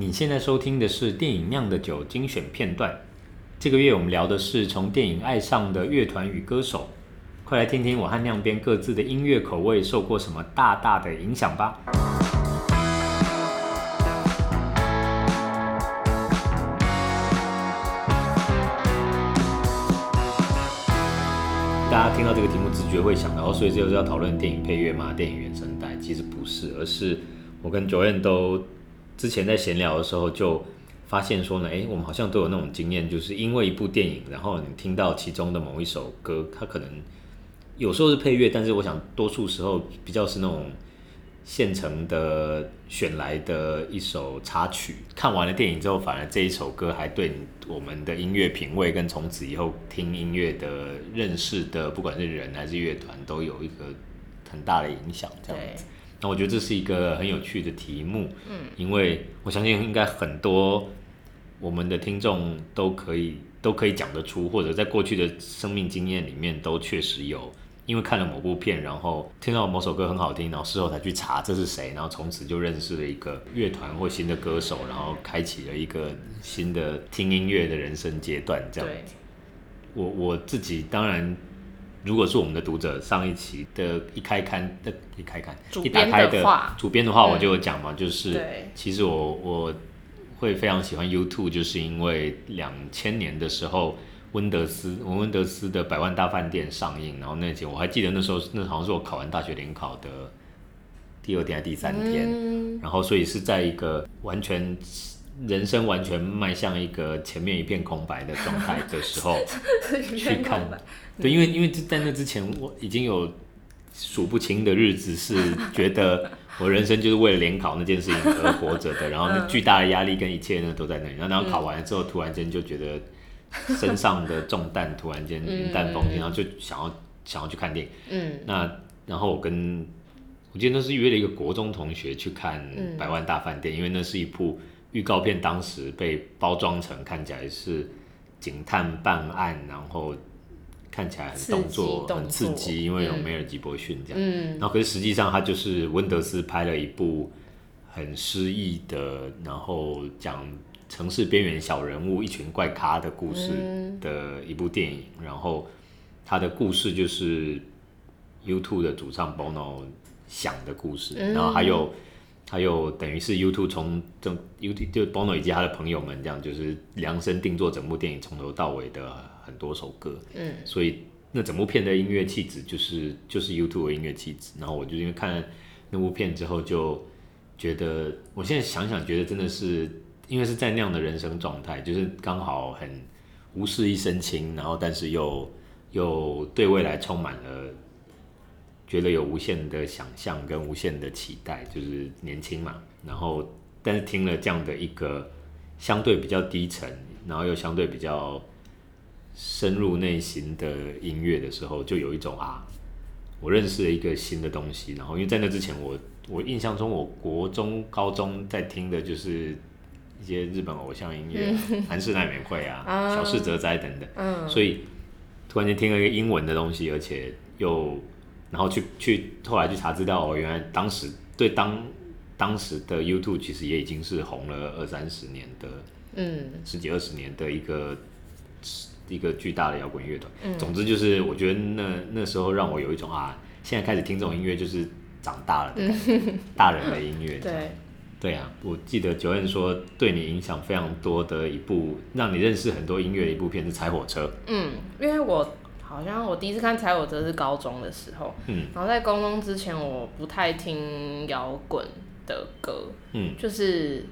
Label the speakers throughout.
Speaker 1: 你現在收聽的是電影《釀的酒》精選片段。這個月我們聊的是從電影愛上的樂團與歌手，快來聽聽我和釀編各自的音樂口味受過什麼大大的影響吧。大家聽到這個題目，直覺會想到，所以就是要討論電影配樂嗎？電影原聲帶？其實不是，而是我跟 Joanne 都。之前在閒聊的時候就發現說呢，誒、欸，我們好像都有那種經驗，就是因為一部電影，然後你聽到其中的某一首歌，它可能有時候是配樂，但是我想多數時候比較是那種現成的選來的一首插曲。看完了電影之後，反而這一首歌還對我們的音樂品味跟從此以後聽音樂的認識的，不管是人還是樂團，都有一個很大的影響，這樣子。那我覺得這是一個很有趣的題目，嗯，因為我相信應該很多我們的聽眾都可以都可以講得出，或者在過去的生命經驗裡面都確實有，因為看了某部片，然後聽到某首歌很好聽，然後事後才去查這是誰，然後從此就認識了一個樂團或新的歌手，然後開啟了一個新的聽音樂的人生階段。這樣，我我自己當然。如果是我們的讀者，上一期的一開刊的、呃、一開刊，一打開的主編的話，我就有講嘛、嗯，就是其實我我會非常喜歡 U2，、嗯、就是因為兩千年的時候，溫德斯溫溫德斯的《百萬大飯店》上映，然後那集我還記得那時候，那時候好像是我考完大學聯考的第二天還是第三天、嗯，然後所以是在一個完全。人生完全邁向一個前面一片空白的狀態的時候，
Speaker 2: 去看，對，
Speaker 1: 因為因為在那之前，我已經有數不清的日子是覺得我人生就是為了聯考那件事情而活着的，然後那巨大的壓力跟一切呢都在那裡，然後考完了之後，突然間就覺得身上的重擔突然間雲淡風輕，然後就想要想要去看電影，嗯，那然後我跟我記得那是約了一個國中同學去看《百萬大飯店》，因為那是一部。預告片當時被包裝成看起來是警探辦案，然後看起來很動作，刺激動作很刺激，因為有梅爾吉勃遜這樣。嗯。然後可是實際上，他就是溫德斯拍了一部很詩意的、嗯，然後講城市邊緣小人物一群怪咖的故事的一部電影。嗯、然後他的故事就是 U2 的主唱 Bono 想的故事，嗯、然後還有。他又等於是 U2 從 U2 就，就 Bono 以及他的朋友們這樣，就是量身定做整部電影從頭到尾的很多首歌，嗯，所以那整部片的音樂氣質就是就是 U2 的音樂氣質。然後我就因為看了那部片之後，就覺得我現在想想，覺得真的是、嗯、因為是在那樣的人生狀態，就是剛好很無事一身輕，然後但是又又對未來充滿了、嗯。覺得有無限的想象跟無限的期待，就是年輕嘛。然後，但是聽了這樣的一個相對比較低沉，然後又相對比較深入內心的音樂的時候，就有一種啊，我認識了一個新的東西。然後，因為在那之前我，我我印象中，我國中、高中在聽的就是一些日本偶像音樂， 安室奈美惠啊， 小室哲哉等等。嗯，所以突然間聽了一個英文的東西，而且又。然後去去，後來去查資料哦，原來當時對當當時的 U2 其實也已經是紅了二三十年的，嗯，十幾二十年的一個一個巨大的搖滾樂團，嗯。總之就是我覺得那那時候讓我有一種啊，現在開始聽這種音樂就是長大了的，嗯、 大人的音樂。 對，對啊，我記得九恩說對你影響非常多的一部，讓你認識很多音樂的一部片是《猜火車》。
Speaker 2: 嗯，因為我。好像我第一次看猜火車是高中的時候，嗯，然後在高中之前我不太聽搖滾的歌，嗯，就是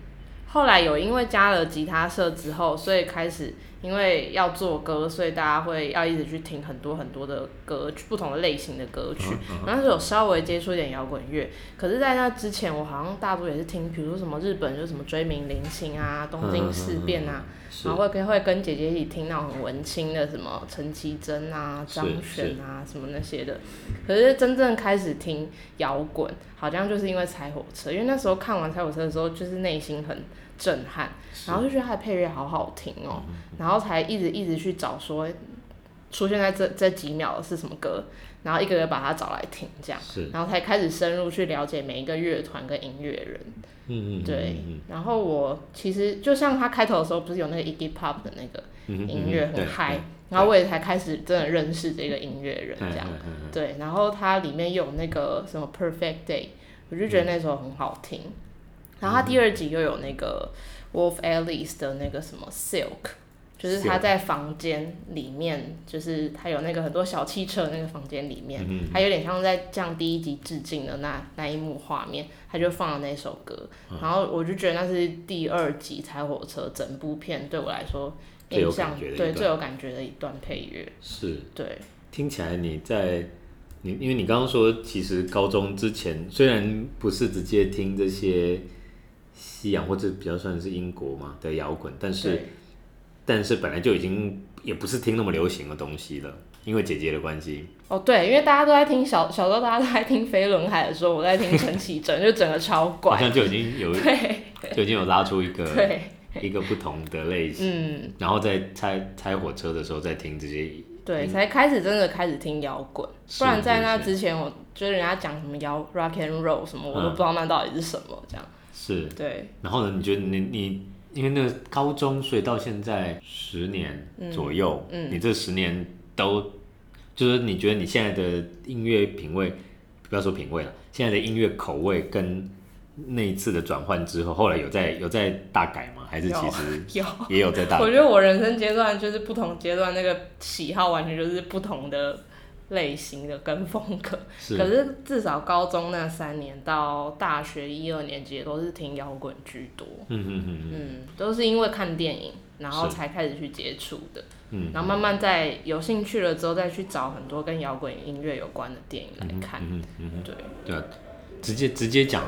Speaker 2: 後來有因為加了吉他社之後，所以開始。因為要做歌，所以大家會要一直去聽很多很多的歌曲，不同的類型的歌曲。那時候有稍微接觸一點搖滾樂，嗯嗯、可是，在那之前，我好像大多也是聽，比如說什麼日本，就是什麼椎名林檎啊，東京事變啊，嗯嗯嗯嗯、然後會跟會跟姐姐一起聽那種很文青的，什麼陳綺貞啊、張懸啊，什麼那些的。可是真正開始聽搖滾，好像就是因為《猜火車》，因為那時候看完《猜火車》的時候，就是內心很。震撼，然後就覺得他的配樂好好聽哦，然後才一直一直去找說，出現在這這幾秒的是什麼歌，然後一個個把它找來聽，這樣然後才開始深入去了解每一個樂團跟音樂人，嗯對嗯對、嗯，然後我其實就像他開頭的時候不是有那個、e、Iggy Pop 的那個音樂很嗨、嗯嗯嗯嗯嗯嗯，然後我也才開始真的認識這個音樂人這樣，嗯嗯嗯嗯、對、嗯，然後它裡面有那個什麼 Perfect Day，我就覺得那首很好聽。嗯然後他第二集又有那個 Wolf Alice 的那個什麼 Silk，、嗯、就是他在房間裡面，就是他有那個很多小汽車的那個房間裡面，嗯、他有點像在向第一集致敬的那那一幕畫面，他就放了那首歌，嗯。然後我就覺得那是第二集猜火車整部片對我來說印象最對最有感覺的一段配
Speaker 1: 樂。是對，聽起來你在你因為你剛剛說，其實高中之前雖然不是直接聽這些。嗯西洋或者比較算是英國嘛的搖滾，但是但是本來就已經也不是聽那麼流行的東西了，因為姐姐的關係。
Speaker 2: 哦，對，因為大家都在聽小小時候，大家都在聽飛輪海的時候，我在聽陳綺貞， 就整個超怪，好像
Speaker 1: 就已經有對，就已經有拉出一個一個不同的類型。嗯，然後在猜猜火車的時候再聽這些，
Speaker 2: 對、嗯，才開始真的開始聽搖滾，不然在那之前，是是我覺得人家講什麼搖滾 rock and roll 什麼，我都不知道那到底是什麼、嗯、這樣。
Speaker 1: 是對，然後呢？你覺得你你因為那個高中，所以到現在十年左右，嗯嗯、你這十年都就是你覺得你現在的音樂品味，不要說品味了，現在的音樂口味跟那一次的轉換之後，後來有在、嗯、有在大改嗎？還是其實有也有在大改？有。我覺得
Speaker 2: 我人生階段就是不同階段那個喜好完全就是不同的。類型的跟風格，可是至少高中那三年到大學一二年級也都是聽搖滾居多，嗯哼嗯
Speaker 1: 哼。
Speaker 2: 嗯嗯嗯嗯，都是因為看電影，然後才開始去接觸的。嗯，然後慢慢在有興趣了之後，再去找很多跟搖滾音樂有關的電影來看。嗯哼嗯
Speaker 1: 哼嗯哼，對對、啊，直接直接講，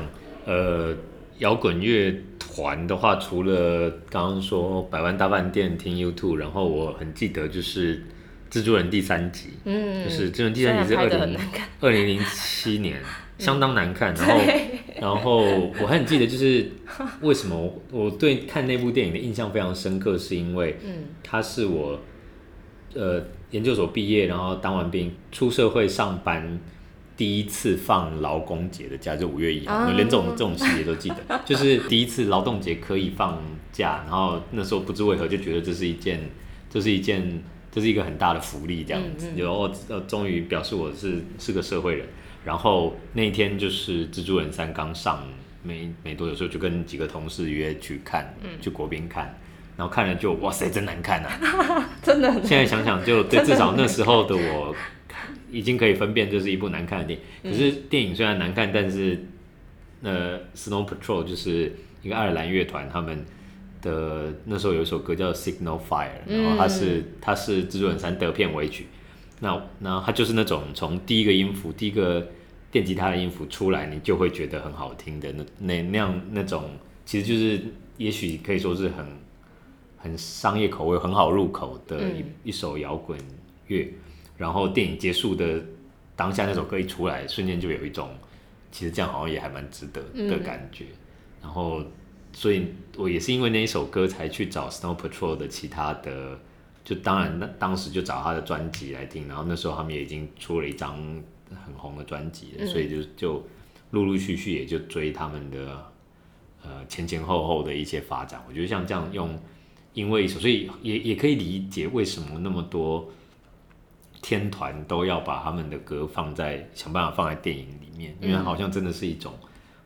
Speaker 1: 呃，搖滾樂團的話，除了剛剛說《百萬大飯店》聽 U2，然後我很記得就是。蜘蛛人第三集，嗯，就是蜘蛛人第三集是二零二零零七年，相當難看。嗯、然後，然後我還很記得，就是為什麼我對看那部電影的印象非常深刻，是因為，嗯，它是我、嗯，呃，研究所畢業，然後當完兵，出社會上班，第一次放勞工節的假，就五月一號，連這種這種細節都記得，嗯，就是第一次勞動節可以放假，然後那時候不知為何就覺得這是一件，這是一件。這、就是一個很大的福利，這樣子，然、嗯、後、嗯哦、終於表示我是是個社會人。嗯、然後那一天就是《蜘蛛人三》剛上沒沒多久時候，就跟幾個同事約去看，嗯、去國賓看，然後看了就哇塞，真難看啊，哈哈真的，現在想想就對，至少那時候的我已經可以分辨這是一部難看的電影。嗯、可是電影雖然難看，但是、嗯、呃，Snow Patrol 就是一個愛爾蘭樂團，他們。的那時候有一首歌叫《Signal Fire》，然後它是它是嗯、他是《蜘蛛人三》的片尾曲。那那它就是那種從第一個音符、嗯、第一個電吉他的音符出來，你就會覺得很好聽的那那那樣那種，其實就是也許可以說是很很商業口味、很好入口的一、嗯、一首搖滾樂。然後電影結束的當下，那首歌一出來，嗯、瞬間就有一種其實這樣好像也還蠻值得的感覺。嗯、然後。所以，我也是因為那一首歌才去找 Snow Patrol 的其他的，就當然那當時就找他的專輯來聽，然後那時候他們也已經出了一張很紅的專輯了，所以就就陸陸續續也就追他們的呃前前後後的一些發展。我覺得像這樣用因為所以也也可以理解為什麼那麼多天團都要把他們的歌放在想辦法放在電影裡面，因為好像真的是一種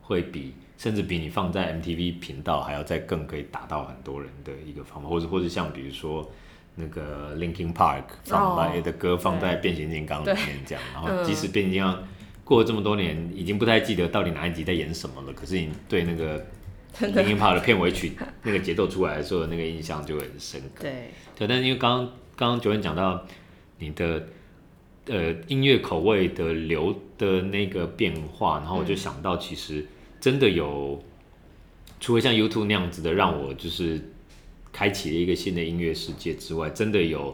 Speaker 1: 會比。甚至比你放在 MTV 頻道還要再更可以打到很多人的一個方法，或者或者像比如說那個 Linkin Park 放、oh，把的歌放在變形金剛裡面這樣，然後即使變形金剛、嗯、過了這麼多年，已經不太記得到底哪一集在演什麼了，可是你對那個 Linkin Park 的片尾曲那個節奏出來的時候， 那個印象就很深刻。對，對，但因為剛剛剛九天講到你的呃音樂口味的流的那個變化，然後我就想到其實、嗯。真的有，除了像 YouTube 那樣子的，讓我就是開啟了一個新的音樂世界之外，真的有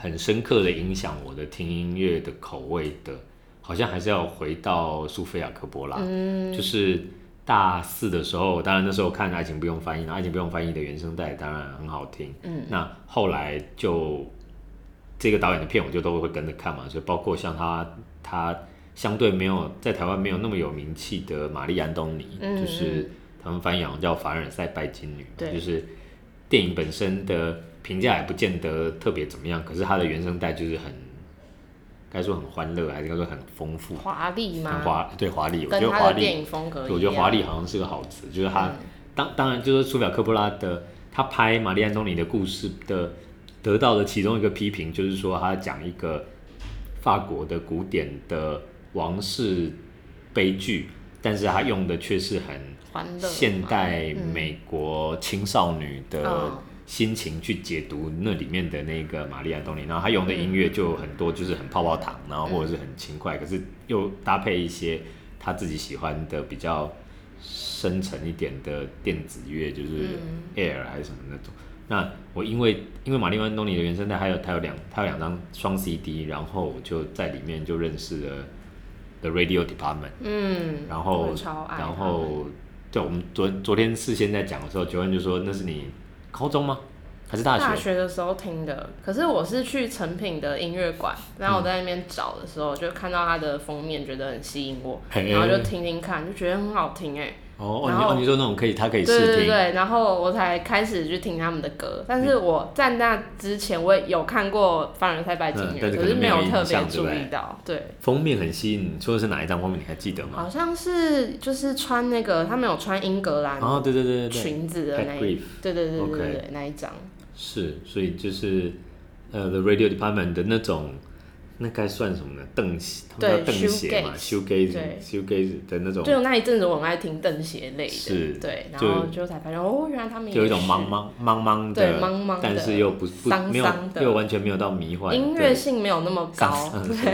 Speaker 1: 很深刻的影響我的聽音樂的口味的，好像還是要回到蘇菲亞·科波拉，嗯，就是大四的時候，當然那時候看《愛情不用翻譯》，《愛情不用翻譯》的原聲帶當然很好聽，嗯，那後來就這個導演的片我就都會跟着看嘛，所以包括像他他。相對沒有在台灣沒有那麼有名氣的瑪麗·安東尼、嗯，就是他們翻譯叫《凡爾賽拜金女》，就是電影本身的評價也不見得特別怎麼樣、嗯。可是它的原聲帶就是很，該、嗯、說很歡樂，還是該說很豐富、華
Speaker 2: 麗嘛很華，
Speaker 1: 對華麗，華麗我覺得華麗。我覺得華麗好像是個好詞、嗯。就是他當當然就是說，蘇菲亞·科波拉的，他拍瑪麗·安東尼的故事的，得到的其中一個批評就是說，他講一個法國的古典的。王室悲劇，但是他用的卻是很現代美國青少女的心情去解讀那裡面的那個瑪麗·安東尼，然後他用的音樂就很多、嗯，就是很泡泡糖，然後或者是很輕快、嗯，可是又搭配一些他自己喜歡的比較深沉一點的電子樂，就是 Air 還是什麼那種。嗯、那我因為因為瑪麗·安東尼的原聲帶還有他有兩他有兩張雙 CD，然後就在裡面就認識了。Radio Department，嗯，然後然後對、嗯、我們昨昨天事先在講的時候，九、嗯、安就說那是你高中嗎？還是大學？大學
Speaker 2: 的時候聽的。可是我是去誠品的音樂館，然後我在那邊找的時候，嗯、就看到它的封面，覺得很吸引我、嗯，
Speaker 1: 然後就聽
Speaker 2: 聽看，就覺得很好聽哎、欸。嘿嘿
Speaker 1: 哦哦，你說那種可以，他可以試聽。對對、對，
Speaker 2: 然後我才開始去聽他們的歌，但是我在那之前我也有看過《凡人太拜金》，嗯可，可是沒有特別注意到。對，
Speaker 1: 對，封面很吸引，你說的是哪一張封面你還記得嗎？
Speaker 2: 好像是就是穿那個，他們有穿英格蘭、哦、對、對
Speaker 1: 對對，裙子的那一，Brief, 對對對對對、okay. 那一張。是，所以就是呃、uh，The Radio Department 的那種。那該算什麼呢？鄧鞋，他們叫鄧鞋嘛，Shoegazing，Shoegazing 的那種。就那一
Speaker 2: 陣子，我很愛聽鄧鞋類的，對是。然後就才發現，哦，原來他們也。就有一種茫
Speaker 1: 茫茫茫,茫茫的，但是又不不喪喪的沒有，又完全沒有到迷幻。音樂
Speaker 2: 性沒有那麼高，對、嗯、對,對,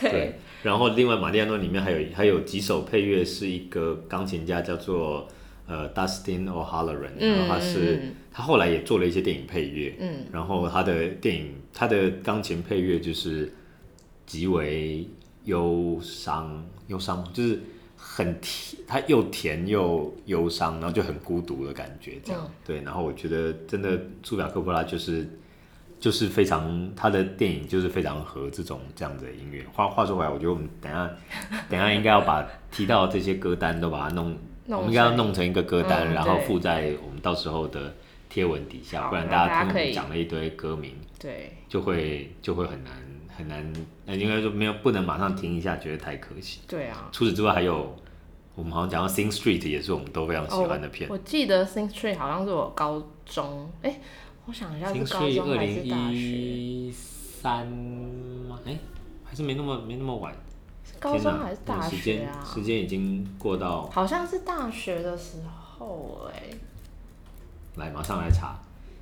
Speaker 2: 對,對。
Speaker 1: 然後另外《馬利亞諾》裡面還有還有幾首配樂，是一個鋼琴家叫做呃 Dustin O'Halloran，、嗯、然後他是他後來也做了一些電影配樂，嗯。然後他的電影、嗯、他的鋼琴配樂就是。極為憂傷，憂傷就是很甜，它又甜又憂傷，然後就很孤獨的感覺，這樣、嗯、對。然後我覺得真的，蘇菲亞柯波拉就是就是非常，他的電影就是非常合這種這樣的音樂。話話說回來，我覺得我們等一下等一下應該要把提到的這些歌單都把它弄， 弄我們應該要弄成一個歌單、嗯，然後附在我們到時候的。貼文底下，不然大家聽講了一堆歌名，對，就會就會很難很難。那應該說沒有不能馬上聽一下、嗯，覺得太可惜。對啊，除此之外還有，我們好像講到《Sing Street》也是我們都非常喜歡的片。Oh, 我
Speaker 2: 記得《Sing Street》好像是我
Speaker 1: 高中，哎、欸，
Speaker 2: 我想一下是高中還是大學？二零一
Speaker 1: 三嗎？哎、欸，還是沒那麼沒那麼晚。高中還是大學、啊、時間已經過到
Speaker 2: 好像是大學的時候、欸，哎。
Speaker 1: 來，馬上來查，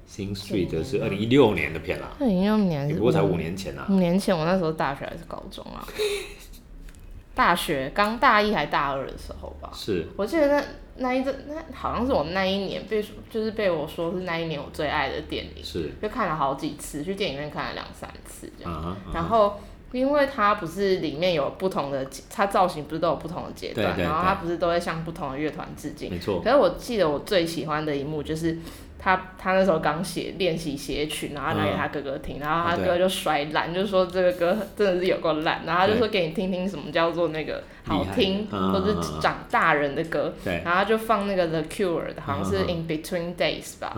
Speaker 1: 嗯《Sing Street》是二零一六年的片了、啊。二零一六年，不過才五年前吶、啊。五
Speaker 2: 年前，我那時候大學還是高中啊。 大學剛大一還大二的時候吧。是。我記得那那一陣，那好像是我那一年被就是被我說是那一年我最愛的電影。是。就看了好幾次，去電影院看了兩三次這樣。Uh -huh, uh -huh. 然後。因為它，不是裡面有不同的，它造型不是都有不同的階段，對對對，然後它不是都會向不同的樂團致敬。沒錯，可是我記得我最喜歡的一幕就是。他他那時候剛寫練習寫曲，然後拿給他哥哥聽，然後他哥哥就摔爛，就說這個歌真的是有夠爛，然後就說給你聽聽什麼叫做那個好聽，或者長大人的歌，然後就放那個 The Cure 的，好像是 In Between Days 吧，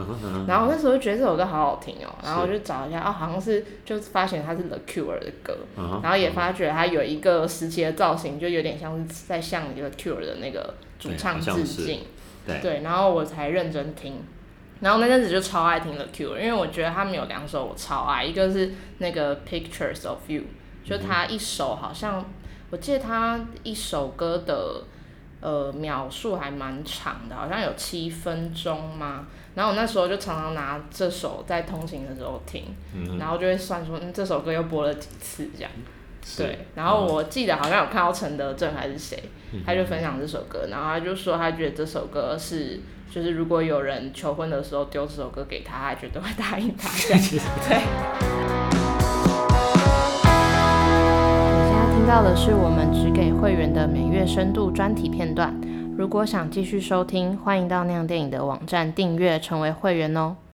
Speaker 2: 然後那時候覺得這首歌好好聽哦，然後我就找一下，哦，好像是就發現它是 The Cure 的歌，然後也發覺他有一個時期的造型，就有點像是在向一個 Cure 的那個主唱致敬，對，然後我才認真聽。然後那陣子就超愛聽 The Cure 了，因為我覺得他們有兩首我超愛，一、就、個是那個 Pictures of You，就他一首好像，我記得他一首歌的呃秒數還蠻長的，好像有七分鐘嘛。然後我那時候就常常拿這首在通勤的時候聽，嗯、然後就會算說，嗯，這首歌又播了幾次這樣。對，然後我記得好像有看到陳德正還是誰、嗯，他就分享這首歌，嗯，然後他就說他覺得這首歌是，就是如果有人求婚的時候丟這首歌給他，他絕對會答應他。 對。 你現在聽到的是我們只給會員的每月深度專題片段，如果想繼續收聽，歡迎到釀電影的網站訂閱成為會員哦。